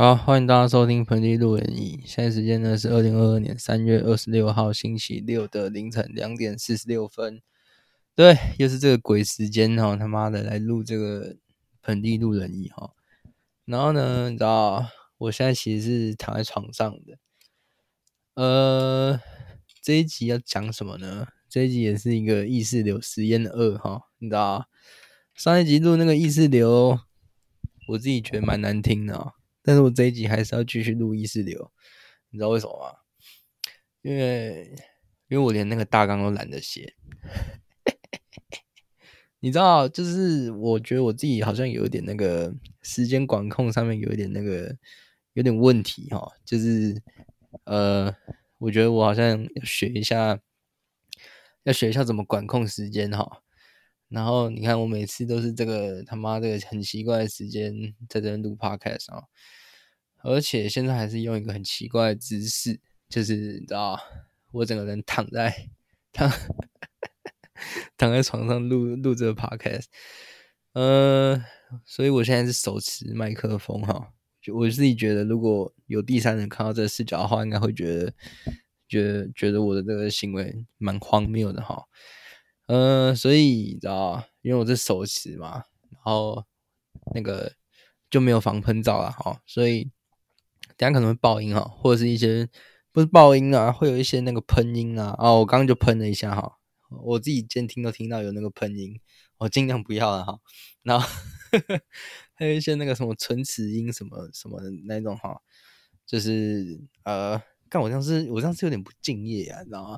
好，歡迎大家收聽《盆地路人乙》。現在時間呢是二零二二年三月二十六號星期六的凌晨兩點四十六分。對，又是這個鬼時間吼，他媽的來錄這個《盆地路人乙》吼。然後呢，你知道，我現在其實是躺在床上的。呃，這一集要講什麼呢？這一集也是一個意識流實驗二哈。你知道，上一集錄那個意識流，我自己覺得蠻難聽的啊。但是我這一集還是要繼續錄意識流，你知道為什麼嗎？因為因為我連那個大綱都懶得寫， 你知道，就是我覺得我自己好像有一點那個時間管控上面有一點那個有點問題哈，就是呃，我覺得我好像要學一下，要學一下怎麼管控時間哈。然後你看，我每次都是這個他媽這個很奇怪的時間在這錄 podcast 啊、哦，而且現在還是用一個很奇怪的姿勢，就是你知道，我整個人躺在躺 躺在床上錄錄這個 podcast，嗯、呃，所以我現在是手持麥克風哈、哦，我自己覺得如果有第三人看到這個視角的話，應該會覺得覺得覺得我的這個行為蠻荒謬的哈。哦呃，所以你知道，因為我是手持嘛，然後那個就沒有防噴罩了哈，所以等下可能會爆音哈、哦，或者是一些不是爆音啊，會有一些那個噴音啊，哦，我剛剛就噴了一下哈，我自己監聽都聽到有那個噴音，我盡量不要了哈，然後 還有一些那個什麼唇齒音什麼什麼的那種哈、哦，就是呃。幹，我像是我像是有點不敬業啊，你知道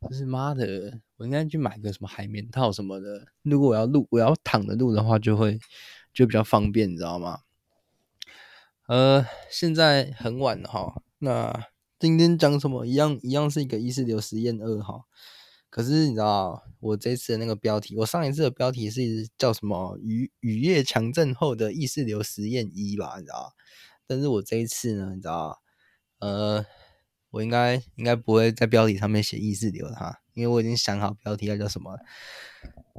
嗎？就是媽的，我應該去買個什麼海綿套什麼的。如果我要錄，我要躺着錄的話，就會就比較方便，你知道嗎？呃，現在很晚了哈，那今天講什麼一樣一樣是一個意識流實驗二哈。可是你知道，我這次的那個標題，我上一次的標題是叫什麼雨雨夜強震後的意識流實驗一吧，你知道？但是我這一次呢，你知道，呃。我應該應該不會在標題上面寫意識流了哈，因為我已經想好標題要叫什麼了。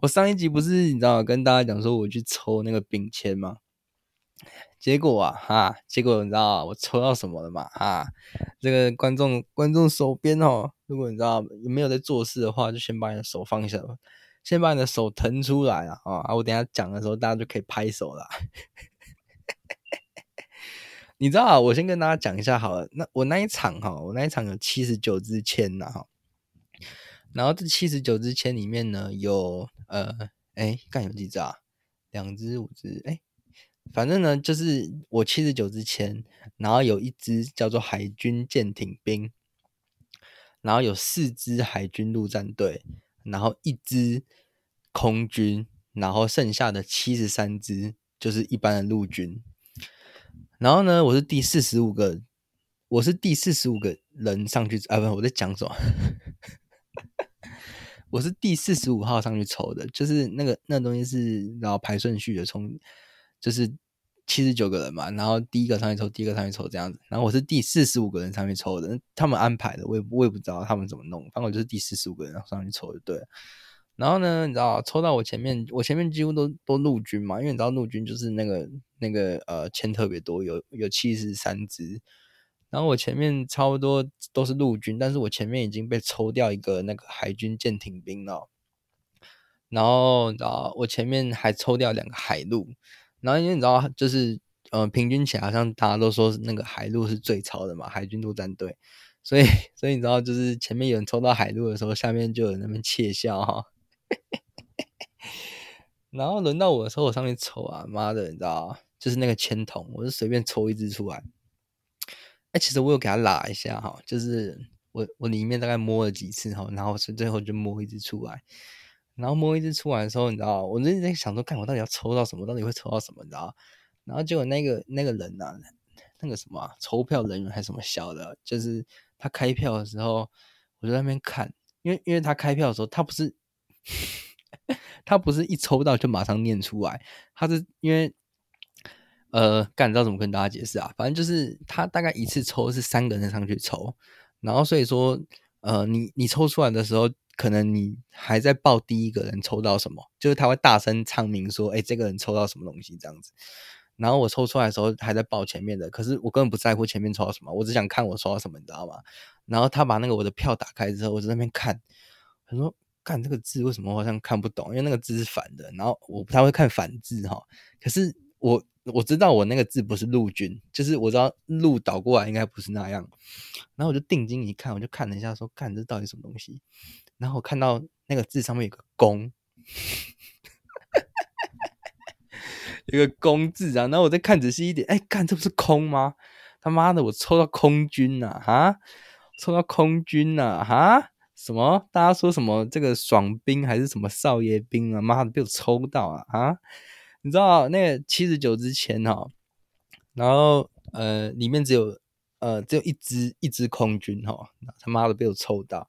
我上一集不是你知道跟大家講說我去抽那個兵籤嗎？結果啊哈，結果你知道我抽到什麼了嘛？哈，這個觀眾觀眾手邊哦，如果你知道沒有在做事的話，就先把你的手放下吧，先把你的手騰出來啊啊！我等一下講的時候大家就可以拍手了，啊。 你知道啊，我先跟大家講一下好了。那我那一場哈，我那一場有七十九支籤吶哈。然後這七十九支籤裡面呢，有呃，哎，幹有，有幾支啊？兩支、五支，哎，反正呢，就是我七十九支籤，然後有一支叫做海軍艦艇兵，然後有四支海軍陸戰隊，然後一支空軍，然後剩下的七十三支就是一般的陸軍。然後呢，我是第四十五個，我是第四十五個人上去啊，哎，不是，我在講什麼？ 我是第四十五號上去抽的，就是那個那個，東西是然後排順序的，從就是七十九個人嘛，然後第一個上去抽，第一個上去抽這樣子，然後我是第四十五個人上去抽的，他們安排的，我也我也不知道他們怎麼弄，反正我就是第四十五個人上去抽就對了。然後呢，你知道，抽到我前面，我前面幾乎都都陸軍嘛，因為你知道陸軍就是那個那個呃籤特別多，有有七十三支，然後我前面差不多都是陸軍，但是我前面已經被抽掉一個那個海軍艦艇兵了，然後你知道，我前面還抽掉兩個海陸，然後因為你知道就是呃平均起來，好像大家都說是那個海陸是最超的嘛，海軍陸戰隊，所以所以你知道就是前面有人抽到海陸的時候，下面就有那邊竊笑哈。然後輪到我的時候，我上面抽啊，媽的，你知道就是那個籤筒，我就隨便抽一支出來。哎、欸，其實我有給他拉一下哈，就是我我裡面大概摸了幾次哈，然後最最後就摸一支出來。然後摸一支出來的時候，你知道嗎？我就在想說，看我到底要抽到什麼？到底會抽到什麼？你知道？然後結果那個那個人吶、啊，那個什麼抽、啊、票人員還是什麼小的，就是他開票的時候，我就在那邊看，因為因為他開票的時候，他不是。 他不是一抽到就馬上念出來，他是因為，呃，不知道怎麼跟大家解釋啊，反正就是他大概一次抽是三個人上去抽，然後所以說，呃，你你抽出來的時候，可能你還在報第一個人抽到什麼，就是他會大聲唱名說，欸，這個人抽到什麼東西這樣子，然後我抽出來的時候還在報前面的，可是我根本不在乎前面抽到什麼，我只想看我抽到什麼，你知道嗎？然後他把那個我的票打開之後，我在那邊看，他說。看這個字為什麼我好像看不懂？因為那個字是反的，然後我不太會看反字哈、哦。可是我我知道我那個字不是陸軍，就是我知道陸倒過來應該不是那樣。然後我就定睛一看，我就看了一下說，說看這到底什麼東西？然後我看到那個字上面有個公， 有一個公字啊。然後我再看仔細一點，哎、欸，看這不是空嗎？他媽的，我抽到空軍了啊！哈抽到空軍了、啊、哈！什麼？大家說什麼這個爽兵還是什麼少爺兵啊？媽的，被我抽到啊！啊！你知道那個七十九之前哈，然後呃，裡面只有呃，只有一支一支空軍哈，他媽的被我抽到。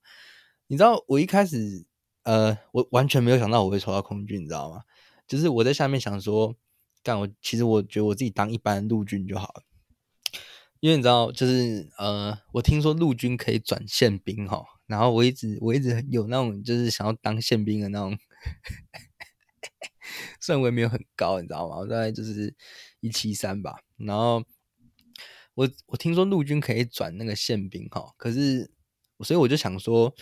你知道我一開始呃，我完全沒有想到我會抽到空軍，你知道嗎？就是我在下面想說，幹，我其實我覺得我自己當一般陸軍就好，因為你知道，就是呃，我聽說陸軍可以轉憲兵哈。然後我一直我一直有那種就是想要當憲兵的那種， 雖然我也沒有很高，你知道嗎？我大概就是一七三吧。然後我我聽說陸軍可以轉那個憲兵哈，可是所以我就想說，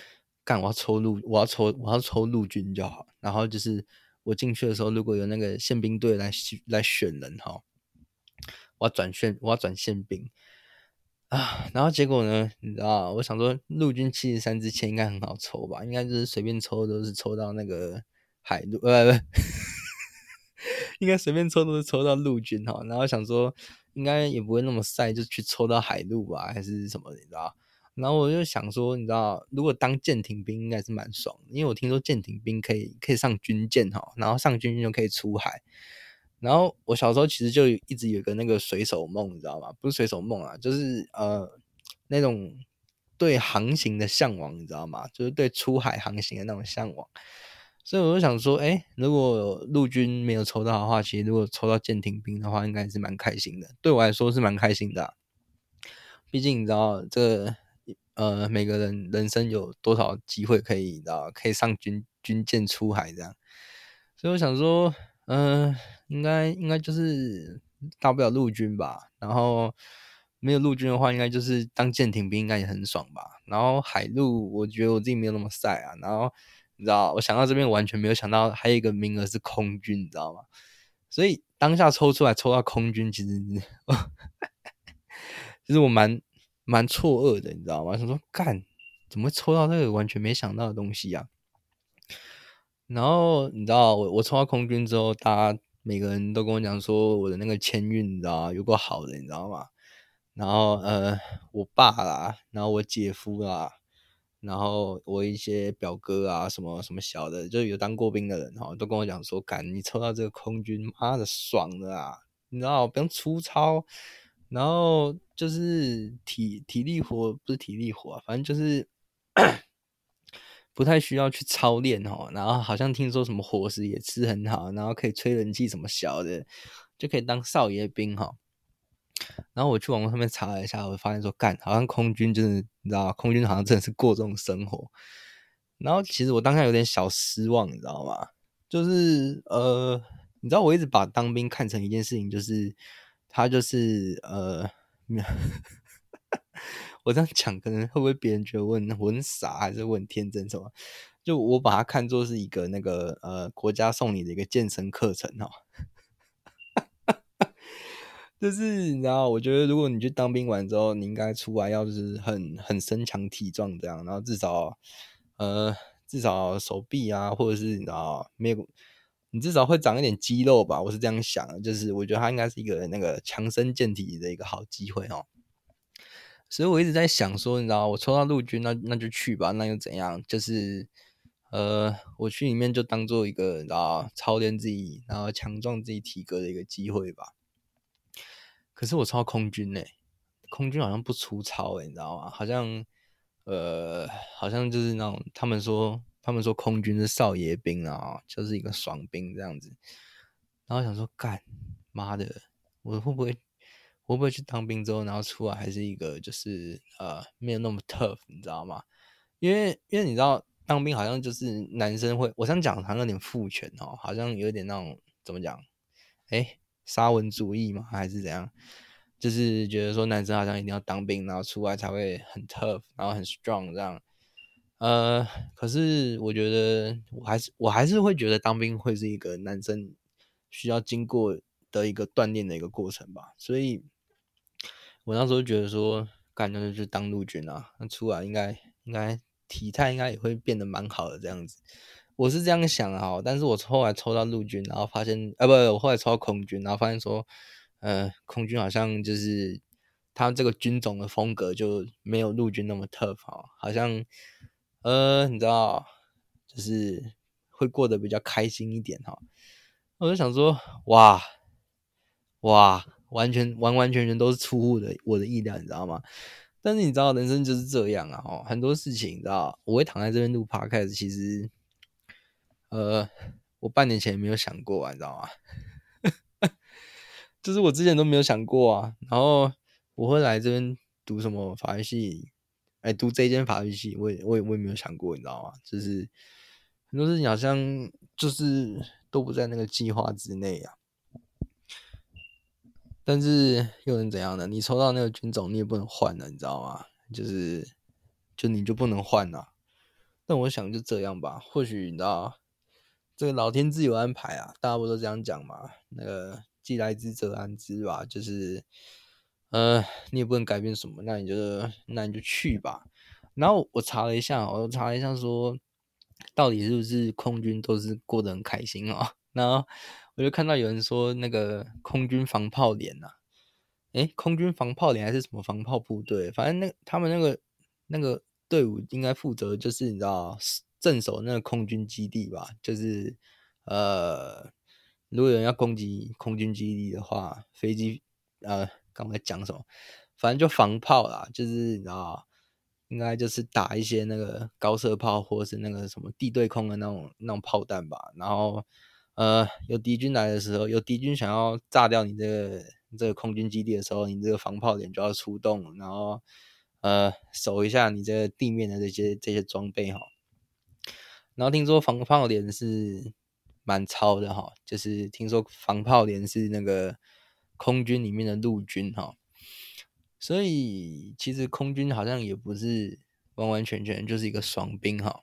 幹我要抽陸，我要抽我要抽陸軍就好。然後就是我進去的時候，如果有那個憲兵隊來來選人哈，我要轉憲，我要轉憲兵。啊，然後結果呢？你知道我想說，陸軍七十三支籤應該很好抽吧？應該就是隨便抽都是抽到那個海陸，呃，呵呵應該隨便抽都是抽到陸軍哈。然後想說，應該也不會那麼曬，就去抽到海陸吧，還是什麼？你知道然後我就想說，你知道，如果當艦艇兵應該是蠻爽，因為我聽說艦艇兵可以可以上軍艦哈，然後上軍艦就可以出海。然後我小時候其實就一直有個那個水手夢，你知道嗎？不是水手夢啊，就是呃那種對航行的向往，你知道嗎？就是對出海航行的那種向往。所以我就想說，哎，如果陸軍沒有抽到的話，其實如果抽到艦艇兵的話，應該是蠻開心的。對我來說是蠻開心的，啊，畢竟你知道這個，呃每個人人生有多少機會可以，你知道可以上軍軍艦出海這樣。所以我想說，嗯、呃。應該應該就是大不了陸軍吧，然後沒有陸軍的話，應該就是當艦艇兵，應該也很爽吧。然後海陸，我覺得我自己沒有那麼曬啊。然後你知道，我想到這邊，完全沒有想到還有一個名額是空軍，你知道嗎？所以當下抽出來抽到空軍，其實其實 我蠻蠻錯愕的，你知道嗎？我說幹，怎麼會抽到這個完全沒想到的東西呀、啊？然後你知道，我我抽到空軍之後，大家。每個人都跟我講說，我的那個簽運你知道，有過好的，你知道嗎？然後呃，我爸啦，然後我姐夫啦，然後我一些表哥啊，什麼什麼小的，就有當過兵的人，然後都跟我講說，幹，你抽到這個空軍，媽的爽的啊！你知道，不用粗糙，然後就是體體力活不是體力活啊，反正就是。 不太需要去操練哦，然後好像聽說什麼伙食也吃很好，然後可以吹人氣什麼小的，就可以當少爺兵哈。然後我去網絡上面查了一下，我發現說乾，好像空軍就是你知道，空軍好像真的是過這種生活。然後其實我當下有點小失望，你知道嗎？就是呃，你知道我一直把當兵看成一件事情，就是他就是呃， 我這樣講，可能會不會別人覺得我很傻，還是我很天真什麼？就我把它看作是一個那個呃國家送你的一個健身課程哦， 就是你知道，我覺得如果你去當兵完之後，你應該出來要是很很身強體壯這樣，然後至少呃至少手臂啊或者是你知道沒有，你至少會長一點肌肉吧。我是這樣想的，就是我覺得它應該是一個那個強身健體的一個好機會哦。所以，我一直在想說，你知道，我抽到陸軍，那那就去吧，那又怎樣？就是，呃，我去裡面就當做一個，然後操練自己，然後強壯自己體格的一個機會吧。可是我抽到空軍呢，欸，空軍好像不出操，欸，誒你知道嗎？好像，呃，好像就是那種他們說，他們說空軍是少爺兵啊，然後就是一個爽兵這樣子。然後想說，幹，媽的，我會不會？我會不會去當兵之後，然後出來還是一個就是呃沒有那麼 tough，你知道嗎？因為因為你知道當兵好像就是男生會，我想講他有點父權哦，好像有點那種怎麼講，哎，沙文主義嘛還是怎樣，就是覺得說男生好像一定要當兵，然後出來才會很 tough，然後很 strong 這樣。呃，可是我覺得我還是我還是會覺得當兵會是一個男生需要經過的一個鍛鍊的一個過程吧，所以。我那時候覺得說，感覺就是當陸軍啊，那出來應該應該體態應該也會變得蠻好的這樣子，我是這樣想的哈，但是我後來抽到陸軍，然後發現，呃、哎，不，我後來抽到空軍，然後發現說，呃，空軍好像就是他這個軍種的風格就沒有陸軍那麼 tough，好像，呃，你知道，就是會過得比較開心一點哈。我就想說，哇，哇。完全完完全全都是出乎我的我的意料，你知道嗎？但是你知道人生就是這樣啊，很多事情你知道，我會躺在這邊錄 podcast。其實，呃，我半年前也沒有想過，啊，你知道嗎？ 就是我之前都沒有想過啊。然後我會來這邊讀什麼法律系，哎，欸，讀這一間法律系，我也我也我也沒有想過，你知道嗎？就是很多事情好像就是都不在那個計劃之內啊。但是又能怎樣呢？你抽到那個軍種，你也不能換了，你知道嗎？就是，就你就不能換了。那我想就這樣吧。或許你知道，這個老天自有安排啊，大家不都這樣講嘛？那個既來之則安之吧。就是，呃，你也不能改變什麼。那你覺得，那你就去吧。然後我查了一下，我查了一下說到底是不是空軍都是過得很開心啊？然後。我就看到有人說那個空軍防炮連吶、啊，誒、欸，空軍防炮連還是什麼防炮部隊？反正那他們那個那個隊伍應該負責就是你知道，鎮守那個空軍基地吧？就是呃，如果有人要攻擊空軍基地的話，飛機呃，剛才講什麼？反正就防炮啦，就是你知道，應該就是打一些那個高射炮或者是那個什麼地對空的那種那種炮彈吧，然後。呃，有敵軍來的時候，有敵軍想要炸掉你這個這個空軍基地的時候，你這個防炮連就要出動，然後呃守一下你這個地面的這些這些裝備哈。然後聽說防炮連是蠻糙的哈，就是聽說防炮連是那個空軍裡面的陸軍哈，所以其實空軍好像也不是完完全全就是一個爽兵哈。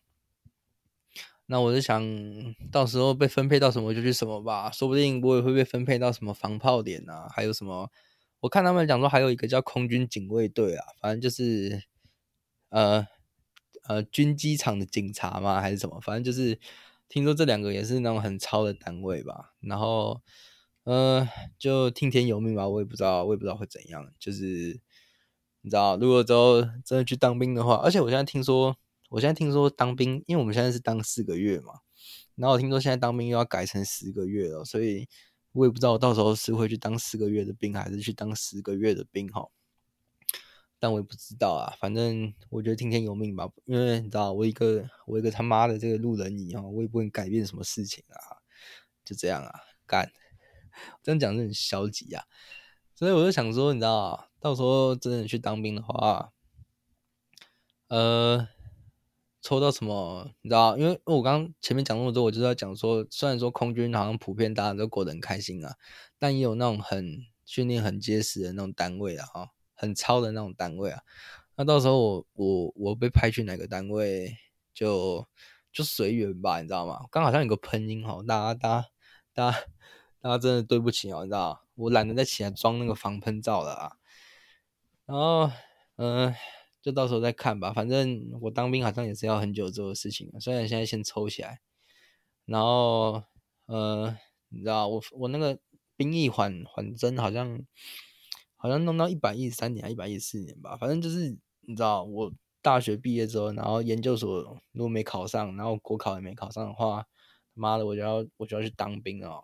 那我就想到時候被分配到什麼就去什麼吧，說不定我也會被分配到什麼防炮點啊，還有什麼？我看他們講說還有一個叫空軍警衛隊啊，反正就是呃呃軍機場的警察嘛，還是什麼？反正就是聽說這兩個也是那種很操的單位吧。然後呃，就聽天由命吧，我也不知道，我也不知道會怎樣。就是你知道，如果之後真的去當兵的話，而且我現在聽說。我現在聽說當兵，因為我們現在是當四個月嘛，然後我聽說現在當兵又要改成十個月了，所以我也不知道我到時候是會去當四個月的兵，還是去當十個月的兵哈。但我也不知道啊，反正我覺得聽天由命吧，因為你知道，我一個我一個他媽的這個路人乙哈，我也不能改變什麼事情啊，就這樣啊，幹。這樣講是很消極啊，所以我就想說，你知道，到時候真的去當兵的話，呃。抽到什麼？你知道？因為我剛前面講那麼多，我就在講說，雖然說空軍好像普遍大家都過得很開心啊，但也有那種很訓練很結實的那種單位啊，哈，很操的那種單位啊。那到時候我我我被派去哪個單位就，就就隨緣吧，你知道嗎？剛好像有個噴音吼、哦，大家大家大家大家真的對不起哦，你知道？我懶得再起來裝那個防噴罩了啊。然後，嗯、呃。就到時候再看吧，反正我當兵好像也是要很久之後的事情啊。雖然現在先抽起來，然後，呃，你知道，我我那個兵役緩緩徵，好像好像弄到一百一十三年，一百一十四年吧。反正就是你知道，我大學畢業之後，然後研究所如果沒考上，然後國考也沒考上的話，他媽的，我就要我就要去當兵了哦。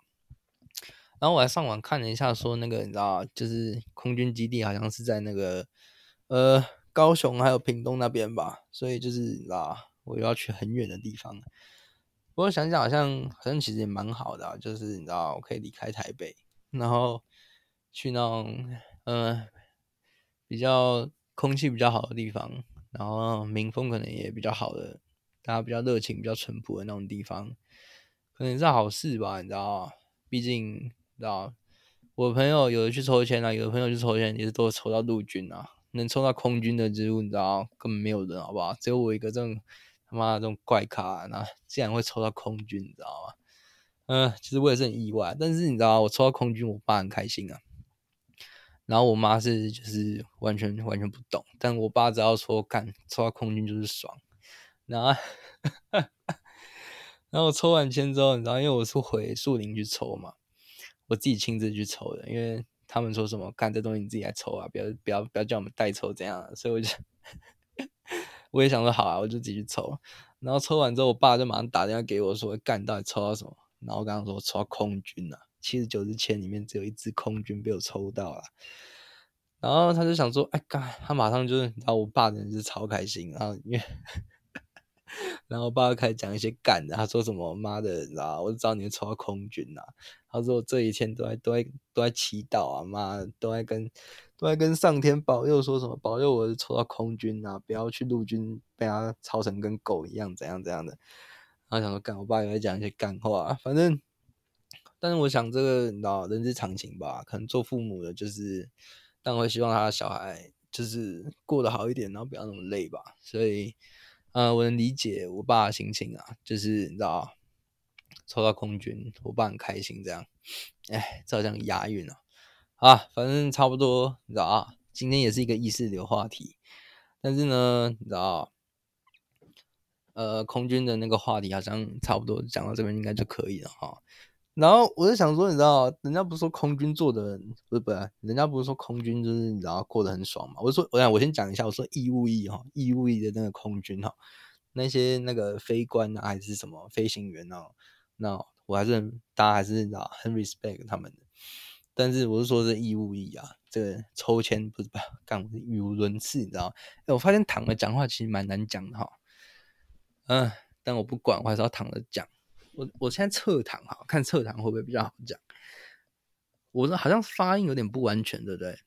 然後我還上網看了一下，說那個你知道，就是空軍基地好像是在那個，呃。高雄還有屏東那邊吧，所以就是，你知道，我就要去很遠的地方。不過想想好像好像其實也蠻好的，啊，就是你知道，我可以離開台北，然後去那種嗯、呃、比較空氣比較好的地方，然後民風可能也比較好的，大家比較熱情、比較淳樸的那種地方，可能是好事吧，你知道？畢竟你知道，我朋友有的去抽籤了，啊，有的朋友去抽籤也是都抽到陸軍啊。能抽到空軍的植物，你知道，根本沒有人，好不好？只有我一個這種他媽的這種怪咖，然後竟然會抽到空軍，你知道嗎？嗯、呃，其實我也是很意外，但是你知道，我抽到空軍，我爸很開心啊。然後我媽是就是完全完全不懂，但我爸只要說幹抽到空軍就是爽。然後 然後我抽完籤之後，你知道，因為我是回樹林去抽嘛，我自己親自去抽的，因為。他們說什麼？幹這東西你自己來抽啊！不要不要不要叫我們代抽，這樣？所以我就， 我也想說好啊，我就自己去抽。然後抽完之後，我爸就馬上打電話給我，說：“幹，你到底抽到什麼？”然後我剛剛說抽到空軍了、啊，七十九支籤裡面只有一支空軍被我抽到了。然後他就想說：“哎、欸，幹！”他馬上就是，你知道，我爸真的人是超開心，然後因為。 然後我爸開始講一些幹的，他說什麼媽的人、啊，我就知道你知我早年抽到空軍吶、啊。他說我這一天都在都在都在祈禱啊，媽都在跟都在跟上天保佑，說什麼保佑我抽到空軍啊，不要去陸軍被他操成跟狗一樣，怎樣怎樣的。然後想說幹，我爸也會講一些幹話，反正。但是我想這個，你知道人之常情吧？可能做父母的，就是但我希望他的小孩就是過得好一點，然後不要那麼累吧。所以。呃，我能理解我爸的心情啊，就是你知道，抽到空軍，我爸很開心這樣。哎，好像押韻啊。啊，反正差不多，你知道，啊，今天也是一個意識流話題。但是呢，你知道，呃，空軍的那個話題好像差不多講到這邊應該就可以了哈。然後我就想說，你知道，人家不是說空軍做的人，不是不是，人家不是說空軍就是，你知道，過得很爽嘛？我就說，我想我先講一下，我說義務役哈，義務役的那個空軍哈、哦，那些那個飛官啊，還是什麼飛行員哦，那我還是大家還是知道很 respect 他們的。但是我是說是義務役啊，這個抽籤不是不干，語無倫次，你知道？哎，我發現躺着講話其實蠻難講的哈、哦。嗯，但我不管，我還是要躺着講。我我現在側躺哈，看側躺會不會比較好講。我好像發音有點不完全，對不對？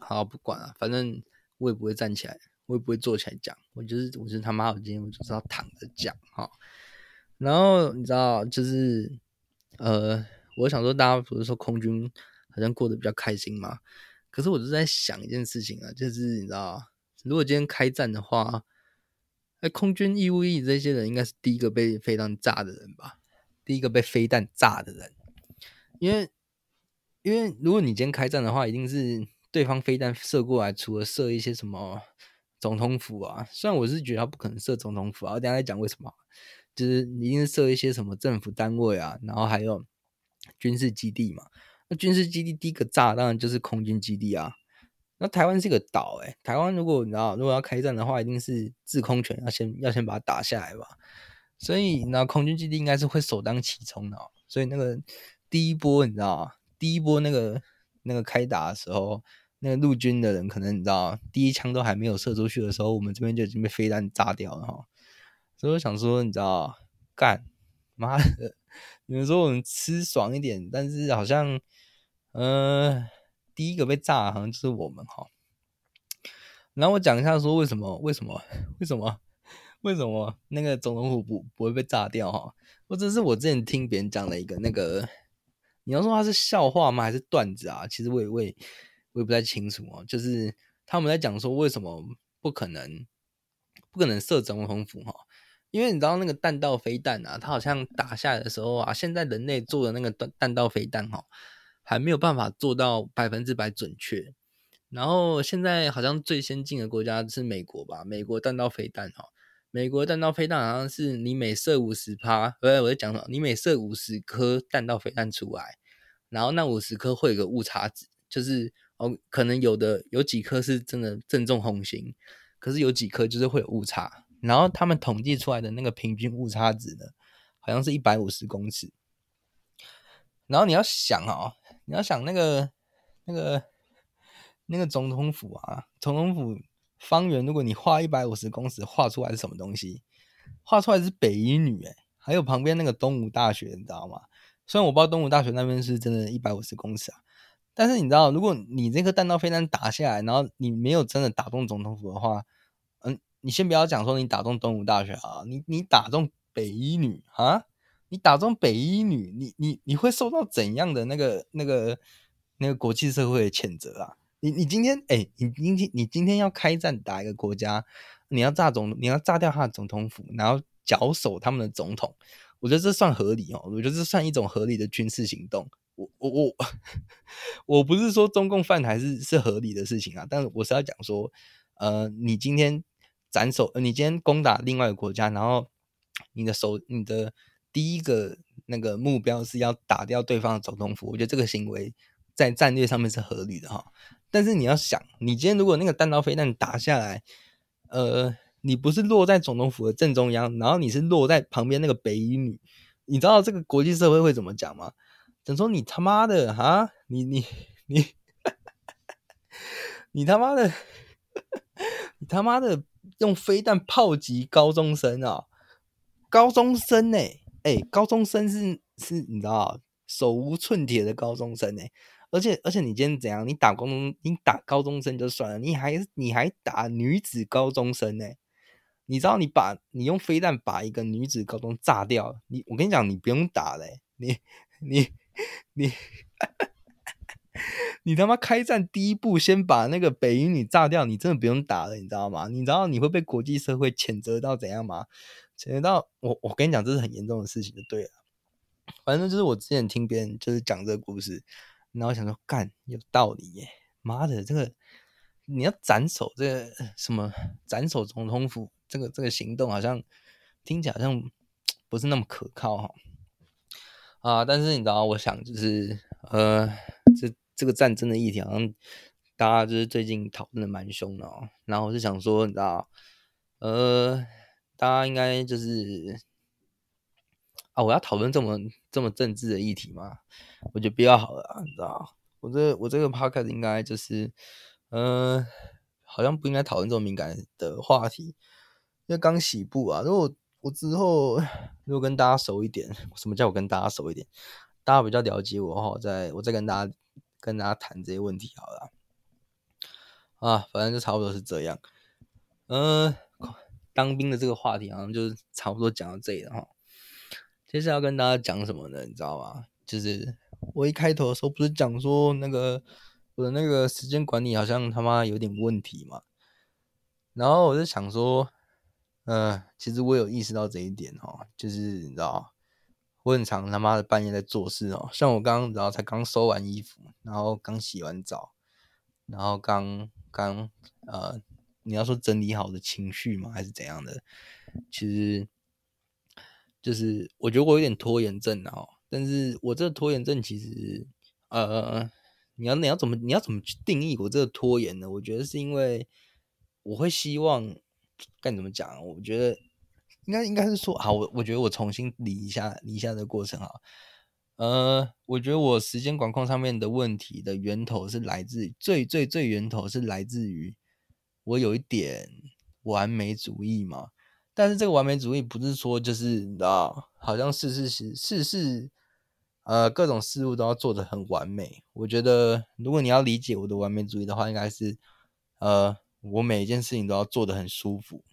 好，不管了，啊，反正我也不會站起來，我也不會坐起來講。我就是，我就是他媽，我今天我就知道躺着講哈。然後你知道，就是呃，我想說，大家不是說空軍好像過得比較開心嘛？可是我就在想一件事情啊，就是你知道，如果今天開戰的話。哎、欸，空軍義務役這些人應該是第一個被飛彈炸的人吧？第一個被飛彈炸的人，因為因為如果你今天開戰的話，一定是對方飛彈射過來，除了射一些什麼總統府啊，雖然我是覺得他不可能射總統府啊，我等一下再講為什麼，就是你一定是射一些什麼政府單位啊，然後還有軍事基地嘛。那軍事基地第一個炸，當然就是空軍基地啊。那台灣是個島，哎，台灣如果你知道，如果要開戰的話，一定是制空權要先要先把它打下來吧，所以那空軍基地應該是會首當其衝的、哦，所以那個第一波你知道，第一波那個那個開打的時候，那個陸軍的人可能你知道，第一槍都還沒有射出去的時候，我們這邊就已經被飛彈炸掉了哈、哦，所以我想說你知道，幹媽的，你們說我們吃爽一點，但是好像，嗯、呃。第一個被炸好像就是我們哈，然後我講一下說為什麼為什麼為什麼為什麼那個總統府不不會被炸掉哈，或者是我之前聽別人講了一個那個，你要說它是笑話嗎還是段子啊？其實我也我也我也不太清楚哦，就是他們在講說為什麼不可能不可能射總統府哈，因為你知道那個彈道飛彈啊，它好像打下來的時候啊，現在人類做的那個彈道飛彈哈。還沒有辦法做到百分之百準確。然後現在好像最先進的國家是美國吧？美國彈道飛彈哈，美國彈道飛彈好像是你每射五十發，不對，我在講什麼？你每射五十顆彈道飛彈出來，然後那五十顆會有個誤差值，就是哦、喔，可能有的有幾顆是真的正中紅心，可是有幾顆就是會有誤差。然後他們統計出來的那個平均誤差值呢，好像是一百五十公尺。然後你要想哦、喔。你要想那個、那個、那個總統府啊，總統府方圓，如果你畫一百五十公尺，畫出來是什麼東西？畫出來是北一女，欸，誒還有旁邊那個東吳大學，你知道嗎？雖然我不知道東吳大學那邊是，是真的一百五十公尺啊，但是你知道，如果你這顆彈道飛彈打下來，然後你沒有真的打中總統府的話，嗯，你先不要講說你打中東吳大學啊，你你打中北一女啊？你打中北一女，你你你會受到怎樣的那個那個那個國際社會的譴責啊？你你今天哎，你今天、欸、你，你，你今天要開戰打一個國家，你要炸總你要炸掉他的總統府，然後絞首他們的總統，我覺得這算合理哦，我覺得這算一種合理的軍事行動。我我我 我不是說中共犯台是是合理的事情啊，但是我是要講說，呃，你今天斬首，你今天攻打另外一個國家，然後你的手，你的。第一個那個目標是要打掉對方的總統府，我覺得這個行為在戰略上面是合理的哈。但是你要想，你今天如果那個彈道飛彈打下來，呃，你不是落在總統府的正中央，然後你是落在旁邊那個北一女，你知道這個國際社會會怎麼講嗎？等於說你他媽的哈、啊，你你你 你他媽的，你他媽的用飛彈炮擊高中生啊、哦，高中生哎、欸。哎、欸，高中生，是是，你知道，手無寸鐵的高中生哎，而且而且，你今天怎樣？你打高中，你打高中生就算了，你還你還打女子高中生呢？你知道，你把你用飛彈把一個女子高中炸掉，你我跟你講，你不用打嘞，你你你，你，你， 你他媽開戰第一步先把那個北一女炸掉，你真的不用打了，你知道嗎？你知道你會被國際社會譴責到怎樣嗎？誰知道我，我跟你講，這是很嚴重的事情，就對了。反正就是我之前聽別人就是講這個故事，然後想說，幹有道理耶！媽的，這個你要斬首這個、什麼斬首總統府，這個這個行動好像聽起來好像不是那麼可靠哈。啊，但是你知道，我想就是呃，這這個戰爭的議題好像大家就是最近討論的蠻兇的、哦，然後我就想說，你知道，呃。大家應該就是啊，我要討論這麼這麼政治的議題嗎？我覺得比較好了，你知道嗎？我這我這個 podcast 應該就是，嗯、呃，好像不應該討論這麼敏感的話題，因為剛起步啊。如果我之後如果跟大家熟一點，什麼叫我跟大家熟一點？大家比較了解我的話，我再我再跟大家跟大家談這些問題好了。啊，反正就差不多是這樣，嗯、呃。當兵的這個話題好像就是差不多講到這裡了哈。接下來要跟大家講什麼呢？你知道嗎？就是我一開頭的時候不是講說那個我的那個時間管理好像他媽有點問題嘛。然後我就想說，呃，其實我有意識到這一點哈，就是你知道，我很常他媽的半夜在做事哦。像我剛剛然後才剛收完衣服，然後剛洗完澡，然後剛剛呃。你要說整理好的情緒嗎？還是怎樣的？其實，就是我覺得我有點拖延症哦，喔，但是我這個拖延症其實，呃，你要你要怎麼你要怎麼去定義我這個拖延呢？我覺得是因為我會希望該怎麼講？我覺得應該應該是說，好，我我覺得我重新理一下理一下這個過程哈。呃，我覺得我時間管控上面的問題的源頭是來自於最最最源頭是來自於。我有一點完美主義嘛，但是這個完美主義不是說就是你知道，好像事事事事，呃、各種事物都要做得很完美。我覺得如果你要理解我的完美主義的話，應該是呃，我每一件事情都要做得很舒服，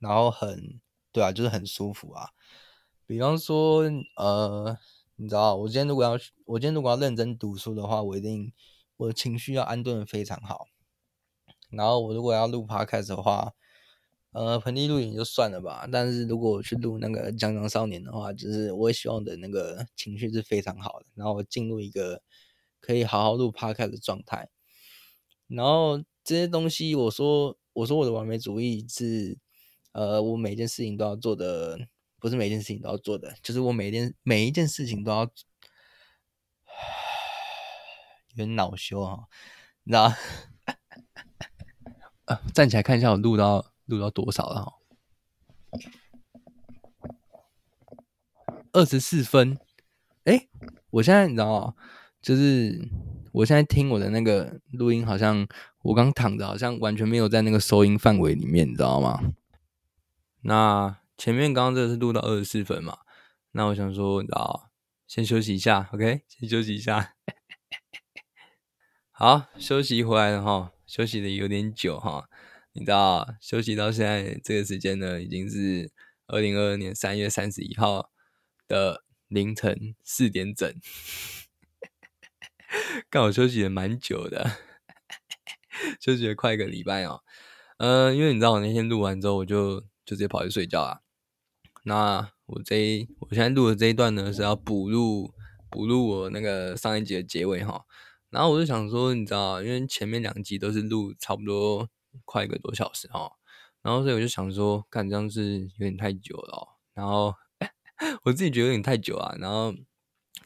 然後很，對啊，就是很舒服啊。比方說呃你知道，我今天如果要我今天如果要認真讀書的話，我一定我的情緒要安頓得非常好。然後我如果要錄 Podcast 的話，呃，盆地錄影就算了吧。但是如果我去錄那個《江江少年》的話，就是我也希望的那個情緒是非常好的，然後我進入一個可以好好錄 Podcast 的狀態。然後這些東西，我說我說我的完美主義是，呃，我每件事情都要做的，不是每件事情都要做的，就是我每一件每一件事情都要唉，有點惱羞啊、哦，然後。 站起來看一下我，我錄到錄到多少了？二十四分。欸，誒，我現在你知道，就是我現在聽我的那個錄音，好像我剛躺着，好像完全沒有在那個收音範圍裡面，你知道嗎？那前面剛剛這是錄到二十四分嘛？那我想說，你知道，先休息一下，OK？先休息一下。 好，休息回來，然後。休息的有點久哈，你知道，休息到現在這個時間呢，已經是二零二二年三月三十一號的凌晨四點整，剛 好休息的蠻久的，休息了快一個禮拜哦。嗯、呃，因為你知道，我那天錄完之後，我就就直接跑去睡覺了。那我這一我現在錄的這一段呢，是要補錄補錄我那個上一集的結尾哈。然後我就想說，你知道，因為前面兩集都是錄差不多快一個多小時哦，然後所以我就想說，看這樣是有點太久了，然後，哎，我自己覺得有點太久啊，然後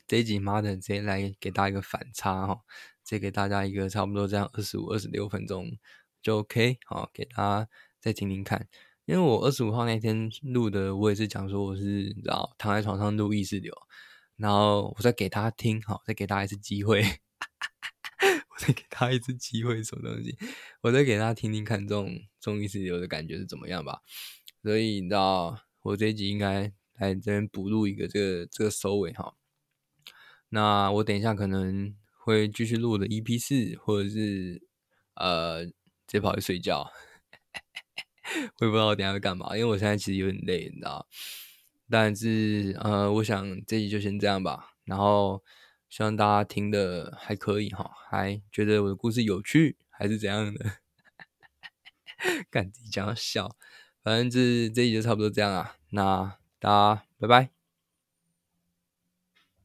這一集媽的，直接來給大家一個反差哦，再給大家一個差不多這樣二十五、二十六分鐘就 OK 好，給大家再聽聽看，因為我二十五號那天錄的，我也是講說我是你知道躺在床上錄意識流，然後我再給大家聽好，再給大家一次機會。我再給他一次機會，什麼東西？我再給他聽聽看，這種意識流的感覺是怎麼樣吧？所以你知道，我這一集應該來這邊補錄一個這個這個收尾哈。那我等一下可能會繼續錄的 EP 四，或者是呃直接跑去睡覺， 我也不知道我等一下會幹嘛，因為我現在其實有點累，你知道。但是呃，我想這一集就先這樣吧，然後。希望大家聽的還可以哈，還覺得我的故事有趣，還是怎樣的？幹 自己講笑，反正、就是、這這一集就差不多這樣啊。那大家拜拜。